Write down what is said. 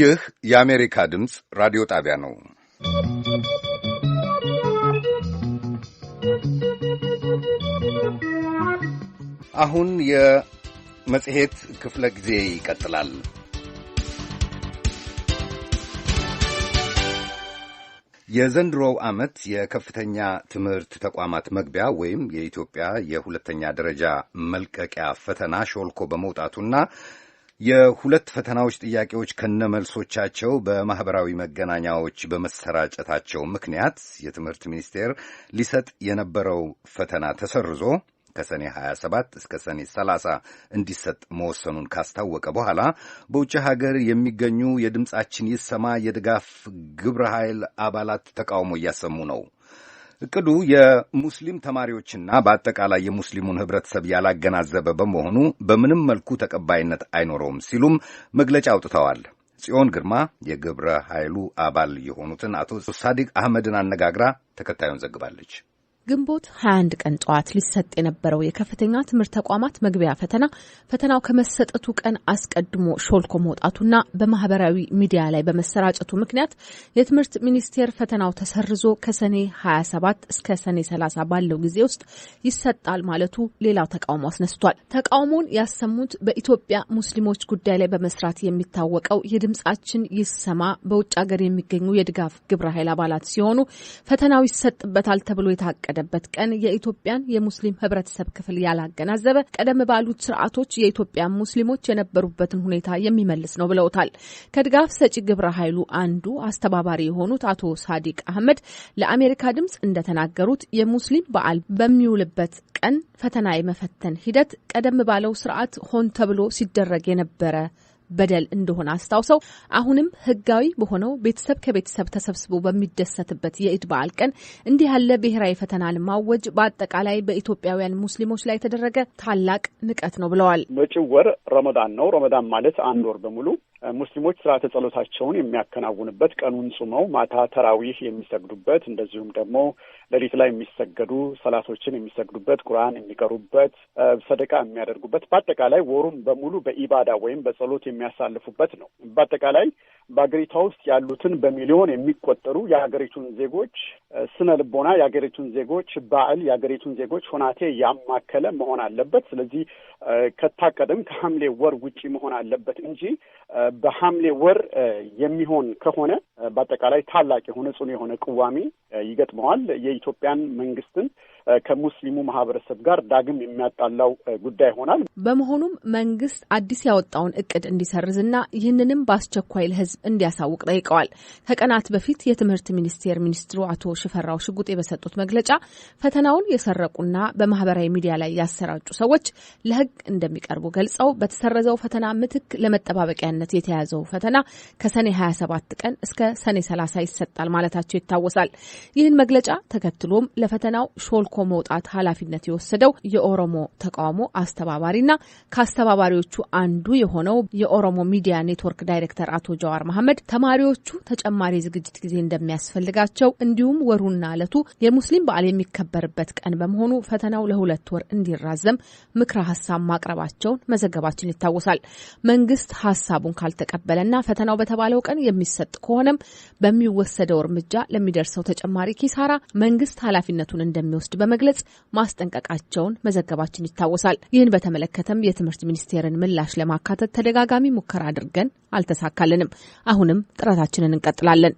ይህ የአሜሪካ ድምፅ ራዲዮ ጣቢያ ነው። አሁን የመጽሔት ክፍለ ጊዜ ይቀጥላል። የዘንድሮው ዓመት የከፍተኛ ትምህርት ተቋማት መግቢያ ወይም የኢትዮጵያ የሁለተኛ ደረጃ መልቀቂያ ፈተና ሾልኮ በመውጣቱና የሁለት ፈተናዎች ጥያቄዎች ከነመልሶቻቸው በማኅበራዊ መገናኛዎች በመሰራጨታቸው ምክንያት የትምህርት ሚኒስቴር ሊሰጥ የነበረው ፈተና ተሰርዞ ከሰኔ 27 እስከ ሰኔ 30 እንዲሰጥ መወሰኑን ካስታወቀ በኋላ በውጭ ሀገር የሚገኙ የድምፃችን ይሰማ የድጋፍ ግብረ ኃይል አባላት ተቃውሞ እያሰሙ ነው። እቅዱ የሙስሊም ተማሪዎችና በአጠቃላይ የሙስሊሙን ህብረተሰብ ያላገናዘበ በመሆኑ በምንም መልኩ ተቀባይነት አይኖረውም ሲሉም መግለጫ አውጥተዋል። ጽዮን ግርማ የግብረ ኃይሉ አባል የሆኑትን አቶ ሳዲቅ አህመድን አነጋግራ ተከታዩን ዘግባለች። ግንቦት 21 ቀን ጠዋት ሊሰጥ የነበረው የከፍተኛ ትምህርት ተቋማት መግቢያ ፈተና ፈተናው ከመሰጠቱ ቀን አስቀድሞ ሾልኮ መውጣቱና በማህበራዊ ሚዲያ ላይ በመሰራጨቱ ምክንያት የትምህርት ሚኒስቴር ፈተናው ተሰርዞ ከሰኔ 27 እስከ ሰኔ 30 ባለው ጊዜ ውስጥ ይሰጣል ማለቱ ሌላው ተቃውሞ አስነስቷል። ተቃውሞውን ያሰሙት በኢትዮጵያ ሙስሊሞች ጉዳይ ላይ በመስራት የሚታወቀው የድምጻችን ይሰማ በውጭ ሀገር የሚገኙ የድጋፍ ግብረ ኃይል አባላት ሲሆኑ ፈተናው ይሰጥበታል ተብሎ የታቀ በተፈቀደበት ቀን የኢትዮጵያን የሙስሊም ህብረተሰብ ክፍል ያላገናዘበ ቀደም ባሉት ስርዓቶች የኢትዮጵያ ሙስሊሞች የነበሩበትን ሁኔታ የሚመልስ ነው ብለውታል። ከድጋፍ ሰጪ ግብረ ኃይሉ አንዱ አስተባባሪ የሆኑት አቶ ሳዲቅ አህመድ ለአሜሪካ ድምጽ እንደተናገሩት የሙስሊም በዓል በሚውልበት ቀን ፈተና የመፈተን ሂደት ቀደም ባለው ስርዓት ሆን ተብሎ ሲደረግ የነበረ በደል እንደሆነ አስታውሰው አሁንም ህጋዊ በሆነው ቤተሰብ ከቤተሰብ ተሰብስቦ በሚደሰትበት የኢድ በዓል ቀን እንዲህ ያለ ብሔራዊ ፈተና ለማወጅ በአጠቃላይ በኢትዮጵያውያን ሙስሊሞች ላይ የተደረገ ታላቅ ንቀት ነው ብለዋል። መጪው ወር ረመዳን ነው። ረመዳን ማለት አንድ ወር በሙሉ ሙስሊሞች ስርዓተ ጸሎታቸውን የሚያከናውንበት ቀኑን ጾመው ማታ ተራዊህ የሚሰግዱበት እንደዚሁም ደግሞ ሌሊት ላይ የሚሰገዱ ሰላቶችን የሚሰግዱበት ቁርአን የሚቀሩበት ሰደቃ የሚያደርጉበት በአጠቃላይ ወሩም በሙሉ በኢባዳ ወይም በጸሎት የሚያሳልፉበት ነው። በአጠቃላይ በሀገሪቷ ውስጥ ያሉትን በሚሊዮን የሚቆጠሩ የሀገሪቱን ዜጎች ስነ ልቦና፣ የሀገሪቱን ዜጎች ባህል፣ የሀገሪቱን ዜጎች ሆናቴ ያማከለ መሆን አለበት። ስለዚህ ከታቀደም ከሐምሌ ወር ውጪ መሆን አለበት እንጂ በሐምሌ ወር የሚሆን ከሆነ በአጠቃላይ ታላቅ የሆነ ጽኑ የሆነ ቅዋሜ ይገጥመዋል። የኢትዮጵያን መንግስትን ከሙስሊሙ ማህበረሰብ ጋር ዳግም የሚያጣላው ጉዳይ ይሆናል። በመሆኑም መንግስት አዲስ ያወጣውን እቅድ እንዲሰርዝና ይህንንም በአስቸኳይ ለህዝብ እንዲያሳውቅ ጠይቀዋል። ከቀናት በፊት የትምህርት ሚኒስቴር ሚኒስትሩ አቶ ሽፈራው ሽጉጤ በሰጡት መግለጫ ፈተናውን የሰረቁና በማህበራዊ ሚዲያ ላይ ያሰራጩ ሰዎች ለሕግ እንደሚቀርቡ ገልጸው በተሰረዘው ፈተና ምትክ ለመጠባበቂያነት የተያዘው ፈተና ከሰኔ 27 ቀን እስከ ሰኔ 30 ይሰጣል ማለታቸው ይታወሳል። ይህን መግለጫ ተከትሎም ለፈተናው ሾልኮ መውጣት ኃላፊነት የወሰደው የኦሮሞ ተቃውሞ አስተባባሪና ከአስተባባሪዎቹ አንዱ የሆነው የኦሮሞ ሚዲያ ኔትወርክ ዳይሬክተር አቶ ጀዋር መሐመድ ተማሪዎቹ ተጨማሪ ዝግጅት ጊዜ እንደሚያስፈልጋቸው እንዲሁም ወሩና ዕለቱ የሙስሊም በዓል የሚከበርበት ቀን በመሆኑ ፈተናው ለሁለት ወር እንዲራዘም ምክረ ሀሳብ ማቅረባቸውን መዘገባችን ይታወሳል። መንግስት ሀሳቡን ካልተቀበለና ፈተናው በተባለው ቀን የሚሰጥ ከሆነም በሚወሰደው እርምጃ ለሚደርሰው ተጨማሪ ኪሳራ መንግስት ኃላፊነቱን እንደሚወስድ በመግለጽ ማስጠንቀቃቸውን መዘገባችን ይታወሳል። ይህን በተመለከተም የትምህርት ሚኒስቴርን ምላሽ ለማካተት ተደጋጋሚ ሙከራ አድርገን አልተሳካልንም። አሁንም ጥረታችንን እንቀጥላለን።